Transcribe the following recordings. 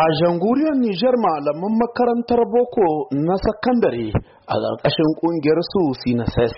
A janguriyar Nijar malaman makarantar boko na sakandare a ƙarƙashin ƙungiyar su sinases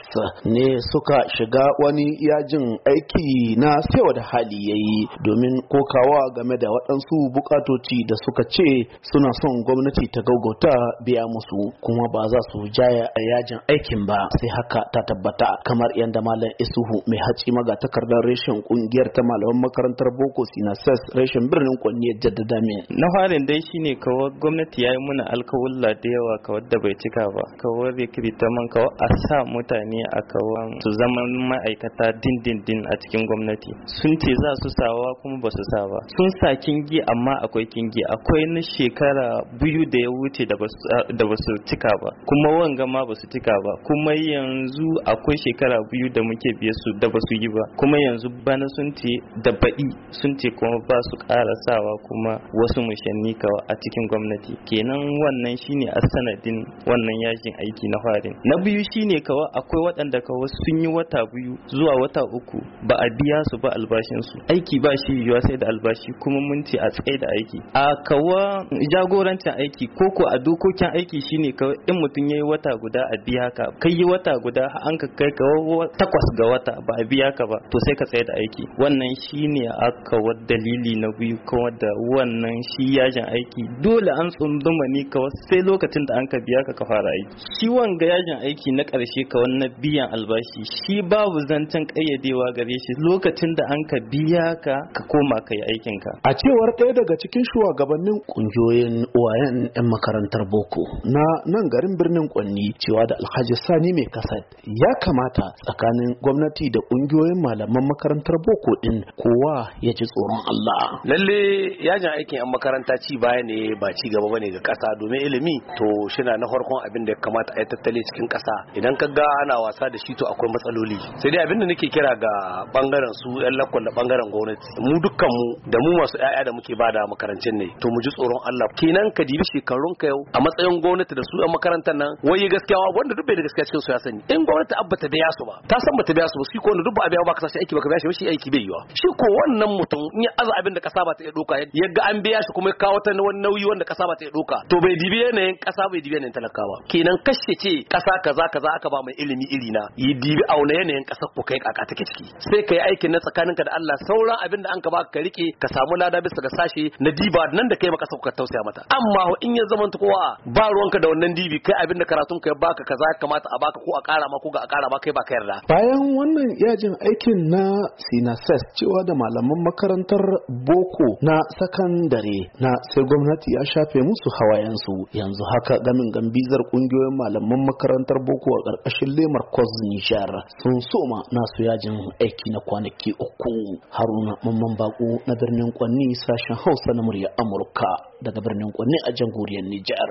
ne suka shiga wani yajin aiki na sewa da hali ya yi domin kokawa game da waɗansu bukatoci da suka ce suna son gwamnati ta gaugauta biya musu kuma ba za su jaya a yajin aikin ba sai haka ta tabbata kamar yadda malam isuhu mai haci maga takardar reshen ƙungiyar ta malaman makarantar boko sinases reshen birnin kwanne jaddada min na farin dai shine kawai gwamnati ya yi muna alkawulla da yawa kawai da bai cika ba wuri ta man kawo a sa mutane a kawar su zama ma'aikata dindindin a cikin gwamnati sun ce za su sawa kuma ba su sa ba sun sa kingi amma akwai kingi akwai na shekara biyu da ya wuce da ba su cika ba kuma wanga ma ba su cika ba kuma yanzu akwai shekara biyu da muke biye su da ba su yi ba kuma yanzu bana sun ce da baɗi sun ce kuma ba su ƙara sawa kuma wasu mushanni kawa a cikin gwamnati kenan wannan shine a sanadin wannan yakin aiki na farin na biyu shine kawa akwai waɗanda kawa sun yi wata biyu zuwa wata uku ba a biya su ba albashin aiki ba shi yiwuwa sai da albashi kuma mun ce a tsaye da aiki a kawa jagorancin aiki ko ko a dokokin aiki shine kawa in mutum yayi wata guda a biya ka kai yi wata guda an ka kai kawa takwas ga wata ba a biya ka ba to sai ka tsaye da aiki wannan shine aka wa dalili na biyu kawa da wannan shi yajin aiki dole an tsunduma ne kawa sai lokacin da an ka biya ka ka fara aiki Kiwon ga yajin aiki na ƙarshe ka wannan biyan albashi shi babu zancen ƙayyadewa gare shi lokacin da an ka biya ka ka koma ka yi aikin ka a cewar ɗaya daga cikin shugabannin ƙungiyoyin wayan yan makarantar boko na nan garin birnin kwanni cewa da alhaji sani mai kasad ya kamata tsakanin gwamnati da ƙungiyoyin malaman makarantar boko ɗin kowa ya ji tsoron Allah lalle yajin aikin yan makaranta ci baya ne ba ci gaba ne ga ƙasa domin ilimi to shina na farkon abin da ya kamata ta a yi tattali cikin kasa. idan ka ga ana wasa da shi to akwai matsaloli sai dai abinda nake kira ga bangaren su yan lakon da bangaren gwamnati mu dukkan mu da mu masu ƴaƴa da muke bada makarancin ne to mu ji tsoron Allah kenan ka dibi shekarun ka yau a matsayin gwamnati da su yan makarantar nan wai gaskiya wanda duk bai da gaskiya cikin su ya sani in gwamnati abba ta biya su ba ta san bata biya su ba shi ko wanda duk ba a biya ba ka shi aiki ba ka biya shi ba shi aiki bai wa shi ko wannan mutum in ya aza abin da kasa ba ta iya doka ga an biya shi kuma ya kawo ta wani nauyi wanda kasa ba ta iya doka to bai dibi yanayin kasa bai dibi yanayin talakawa kenan shi ce kasa kaza kaza aka ba mai ilimi iri na yi dibi auna yanayin kasar ku kai kaka take ciki sai kai aikin na tsakaninka da Allah sauran abin da an ka baka ka rike ka samu lada bisa ga sashi na diba nan da kai maka ka tausaya mata amma in ya zama ta kowa ba ruwanka da wannan dibi kai abin da karatun ka baka kaza kamata a baka ko a kara ma ko ga a kara ma kai ba ka yarda bayan wannan yajin aikin na Sinasas cewa da malaman makarantar boko na sakandare na sai gwamnati ya shafe musu hawayensu yanzu haka gamin gambizar kungiyoyin malaman makarantar boko a ƙarƙashin lemar kwas nijar sun soma nasu yajin aiki na kwanaki uku haruna mamman bako na birnin kwanni sashen hausa na murya amurka daga birnin kwanni a jamhuriyar nijar